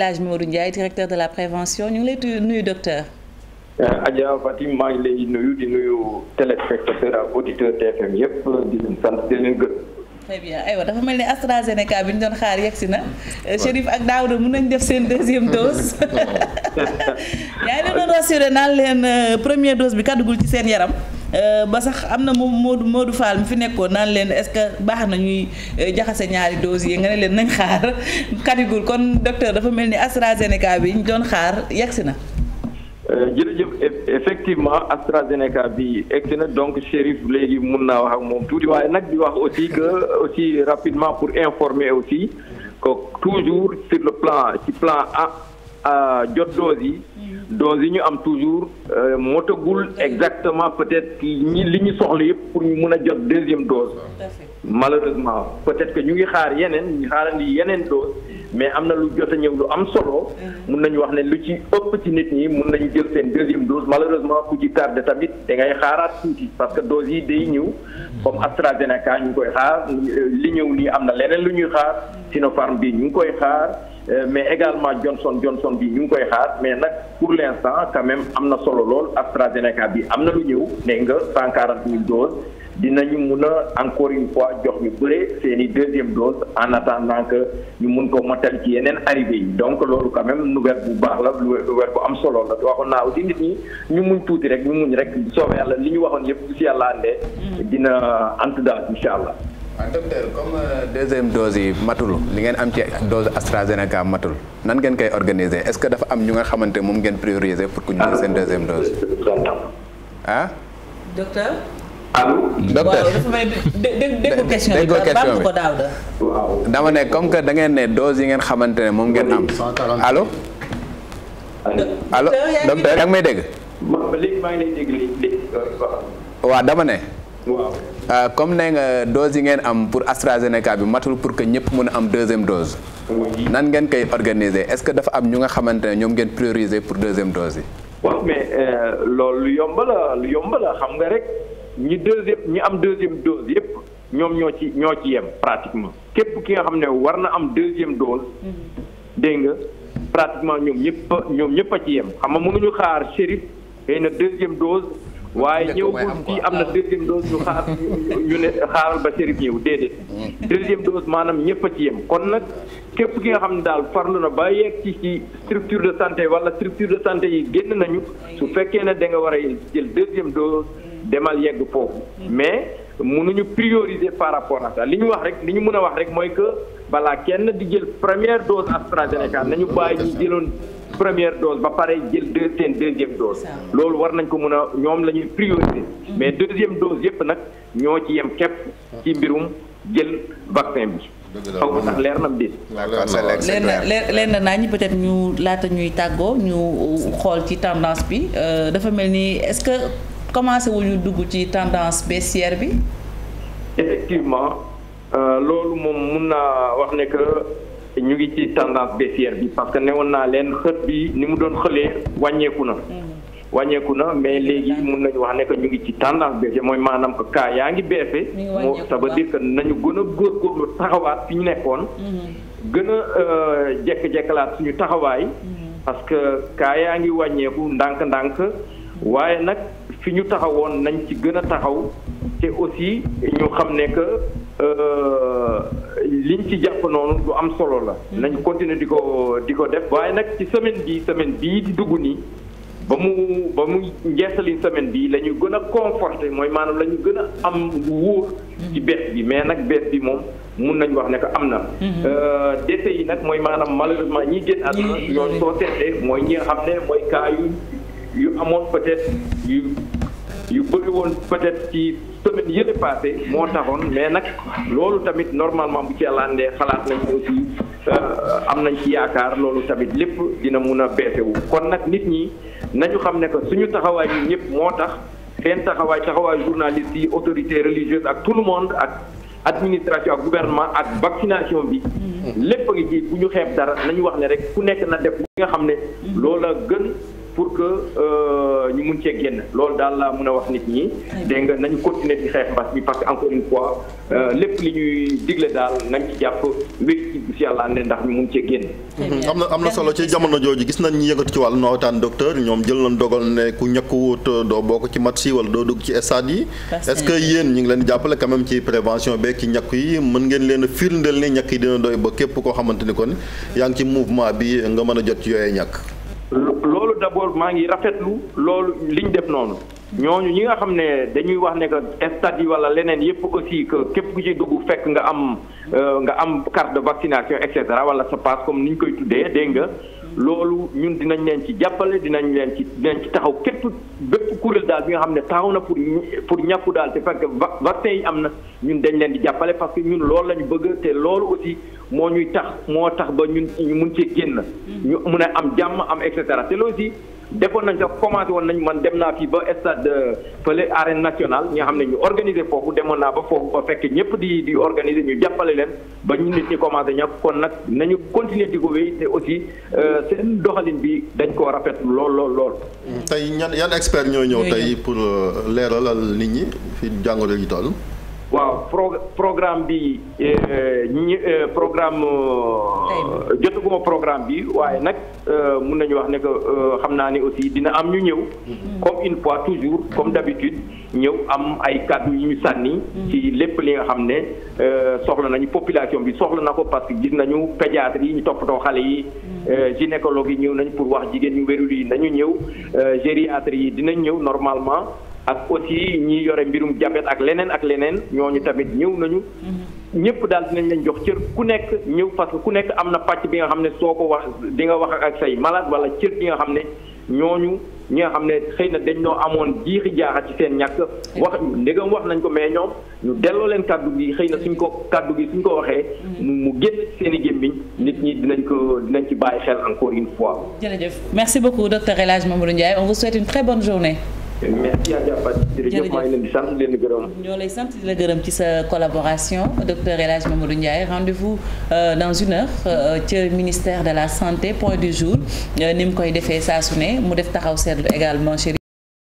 El Hadj Modou Ndiaye directeur de la prévention ñu ngi lay nuyu docteur. Euh, Adja Fatim maa ngi lay nuyu di nuyu téléspectateur ak auditeur TFM yëpp di leen sant di leen gërëm. très bien aywa dafa mel ni AstraZeneca bi ñu doon xaar yegsi na. Chérif ak Daouda mun nañ def seen deuxième dose. yaa ngi leen doon rassuré leen euh, première dose bi kàddugul ci seen yaram. Euh, ba sax am na moom Modou Modou Fall mu fi nekkoon naan leen est-ce que baax na ñuy euh, jaxase ñaari doses yi nga ne leen nañ xaar catégorie kon docteur dafa mel ni AstraZeneca bi ñu doon xaar yegsi na. Euh, jërëjëf e-, effectivement AstraZeneca bi egsi na donc Chérif léegi mun naa wax ak moom tuuti waaye nag di wax aussi que aussi rapidement pour informer aussi que toujours sur le plan ci plan jot dose yi dose yi ñu am toujours euh, motagul exactement peut-être ñi li ñu soxla yëpp pour ñu mën a jot deuxième dose malheureusement peut-être que ñu ngi xaar yeneen ñu xaarandi yeneen dose mais am na lu jot a ñëw lu am solo mm-hmm. mun nañu wax ne lu ci ëpp ci nit ñi mun nañu jël seen deuxième dose malheureusement ku ci tardé tamit dangay ngay xaaraat tuuti parce que dose yi day ñëw comme AstraZeneca ñu ngi koy xaar li ñëw nii am na leneen lu ñuy xaar mm-hmm. Sinopharm bi ñu ngi koy xaar Euh, mais également Johnson Johnson bi ñu ngi koy xaar mais nag pour l' instant quand am na solo lool AstraZeneca bi am na lu ñëw ne nga cent quarante mille doses dinañu mun a encore une fois jox ñu bëre seen i deuxième dose en attendant que ñu mun ko motal ci yeneen arrivé yi donc loolu quand même nouvelle bu baax la nouvelle bu am solo la waxoon naa aussi nit ñi ñu muñ tuuti rek ñu muñ rek soobee yàlla li ñu waxoon yëpp bu si yàlla àndee mm. dina ant daal incha waaw docteur comme euh, deuxième dose yi matul li ngeen am ci dose AstraZeneca matul nan ngeen koy organiser est-ce que dafa am ñu nga xamante moom ngeen prioriser pour que ñu jël seen deuxième dose. ah. docteur. allo. docteur waaw dafa may déggu question bi baax ko daaw da. dama ne comme que da ngeen ne dose yi ngeen xamante ne moom ngeen am. allo. allo docteur yaa ngi may dégg. léegi maa ngi lay dégg léegi waaw dama ne. waaw euh, comme nee nga dose yi ngeen am pour AstraZeneca bi matul pour que ñëpp mën a am deuxième dose. nan ngeen koy organiser est-ce que dafa am ñu nga xamante ne ñoom ngeen prioriser pour deuxième dose yi. waaw mais euh, loolu lu yomb la lu yomb la xam nga rek ñi deuxième ñi am deuxième dose yëpp ñoom ñoo ci ñoo ci yem pratiquement képp ki nga xam ne war na am deuxième dose. Mm-hmm. dégg nga pratiquement ñoom ñëpp ñoom ñëpp a ci yem xam nga mënuñu xaar Chérif xëy na dose. waaye ñëw fii am na deuxième dose ñu xaar ñu ne xaaral ba sérif ñëw déedéet hmm. deuxième dose maanaam ñëpp a ci yem kon nag képp ki nga xam ne daal farlu na ba yeeg ci ci structure de santé wala structure de santé yi génn nañu su fekkee ne da nga war a jël deuxième dose demal yegg foofu mais mënuñu prioriser par rapport à ça li ñu wax rek li ñu mën a wax rek mooy que balaa kenn di jël première dose AstraZeneca nañu bàyyi ñu jëloon première dose ba pare jël deux deuxième dose. loolu war nañ ko mën a ñoom la ñuy priorité. Mm-hmm. mais deuxième dose yépp nag ñoo ci yem képp ci mbirum jël vaccin bi. dëgg ndax leer na déet. leer na naa ñi peut-être ñu laata ñuy tàggoo ñu xool ci tendance bi euh, dafa mel ni est-ce que commencé wu ñu dugg ci tendance baissière bi. effectivement euh, loolu moom mun naa wax ne ñu ngi ci tendance baissière bi parce que newoon naa leen xët bi ni mu doon xëlee wàññeeku na. wàññeeku na mais léegi mun nañu wax nekk ñu ngi ci tendance baissière mooy maanaam que kaa yaa ngi beese. moo ça veut dire que nañu gën góor góorgóorlu taxawaat fi ñu nekkoon. Mm-hmm. gën a euh, jekk-jekkalaat ñu taxawaay. Mm-hmm. parce que cas yaa ngi wàññeeku ndànk-ndànk mm-hmm. waaye nag fi ñu taxawoon nañ ci gën a taxaw. te aussi ñu xam ne que euh, liñ ci jàpp noonu lu am solo la. Mm. nañu continuer di ko di ko def. waaye nag ci semaine bi semaine bii di dugg nii ba mu ba mu njeextali semaine bi la ñu gën a conforté mooy maanaam la ñu gën a am wóor. ci bees bi mais nag bees bi moom mun nañu wax ne que am na. Mm-hmm. Euh, décès yi nag mooy maanaam malheureusement ñi génn àdduna. ñooñu soo seetee mooy ñi nga xam ne mooy cas yu yu amoon peut-être yu. yu bëri woon peut-être ci semaine yële passé moo taxoon mais nag loolu tamit normalement bu ci yàlla andee xalaat nañ aussi euh, am nañ ci yaakaar loolu tamit lépp dina mun a beese wu kon nag nit ñi nañu xam ne que suñu taxawaay yi ñëpp moo tax seen taxawaay taxawaay journaliste yi autorité religieuse ak tout le monde ak administration ak gouvernement ak vaccination bi mm-hmm. lépp a ngi ji bu ñu dara nañu wax ne rek ku nekk na def li nga xam ne mm-hmm. loola gën pour que euh, ñu mun cee génn loolu daal la mun a wax nit ñi dégg nga nañu continuer di xeex mbas mi parce que encore une fois euh, lépp li ñuy digle daal nañ ci jàpp wér ci bis yàlla ne ndax ñu mun cee génn am na am na solo ci jamono jooju gis nañ ñu yëngatu ci wàllu nawetaan docteur ñoom jël nañ dogal ne ku ñàkk wut euh, doo bokk ci match yi doo dugg ci stade yi est-ce ñu ngi leen jàppale quand même ci prévention beeg ci ñàkk yi mën ngeen leen a firndeel ne ñàkk yi dina doy ba képp koo xamante ni kon yaa ngi ci mouvement bi nga mën a jot ci yooyee ñàkk loolu d'abord maa ngi rafetlu loolu liñ def noonu ñooñu ñi nga xam ne dañuy wax ne que stade yi wala leneen yëpp aussi que képp ku ci dugg fekk nga am euh, nga am carte de vaccination et cetera wala sa passe comme ni ñu koy tuddee dégg nga loolu ñun dinañ leen ci jàppale dinañ leen ci dinañ ci taxaw képp bépp kuréel daal bi nga xam ne taxaw na pour pour ñàkku daal te fekk vaccin yi am na ñun dañ leen di jàppale parce que ñun loolu lañu bëgg te loolu aussi moo ñuy tax moo tax ba ñun ñu mun cee génn. Mm. ñu mun a am jàmm am et cetera te loolu aussi defoon nañ sa commencé woon nañu man dem naa fii ba stade fële arène nationale ñi nga xam ne ñu organiser foofu demoon naa ba foofu ba fekk ñëpp di di organiser ñu jàppale leen ba ñu nit ñi commencé nag nañu continuer di ko wéy te euh, seen doxalin bi dañ ko rafet lool lool lool. tey ñan yan expert ñoo ñëw tey pour euh, leeralal nit ñi fi jàngoro ji toll. waaw pro programme bi euh, ñi euh, programme jotaguma programme bi waaye nag mun nañu wax ne que xam naa ni aussi dina am ñu ñëw mm-hmm. comme une fois toujours comme mm-hmm. d'habitude ñëw am ay kàddu yu ñu sànni mm-hmm. ci lépp li nga xam ne soxla nañu population bi soxla na ko parce que gis nañu pédiatre yi ñu toppatoo xale yi Euh, gynécologue yi ñëw nañ pour wax jigéen ñu wérul yi nañu ñëw euh, gériatre yi dinañ ñëw normalement ak aussi ñi yore mbirum jabet ak leneen ak leneen ñooñu tamit ñëw nañu mm-hmm. ñëpp daal dinañ leen jox cër ku nekk ñëw parce que ku nekk am na pàcc bi nga xam ne soo ko wax di nga wax ak say malade wala cër bi nga xam ne ñooñu ñi nga xam ne xëy na dañ noo amoon jiixi jaaxa ci seen ñàkk wax ndegam wax nañ ko mais ñoom ñu delloo leen kàddu gi xëy na suñ ko kàddu gi suñ ko waxee mu génn seen i gémmiñ nit ñi dinañ ko dinañ ci bàyyi xel encore une fois jërëjëf merci beaucoup docteur El Hadj Mamadou Ndiaye on vous souhaite une très bonne journée merci sant ñoo lay sant di la gërëm ci sa collaboration docteur El Hadj Mamadou Ndiaye rendez-vous euh, dans une heure euh, ca ministère de la santé point du jour euh, ni mu koy defee saa su ne mu def taxaw seetlu également.